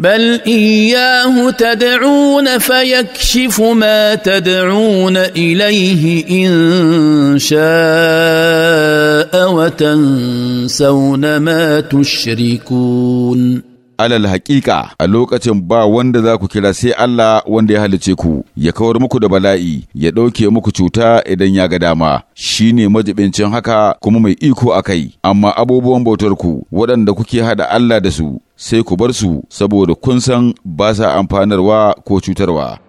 بل اياه تدعون فيكشف ما تدعون اليه ان شاء وتنسون ما تشركون alal haƙiƙa a lokacin ba wanda za ku kira sai Allah wanda ya halice ku ya kawar muku da bala'i ya ɗauke muku cuta idan ya ga dama shi ne majibincin haka kuma mai iko a kai amma abubuwan bautar ku waɗanda kuke haɗa Allah da su sai ku bar su saboda kun san ba sa amfanarwa ko cutarwa.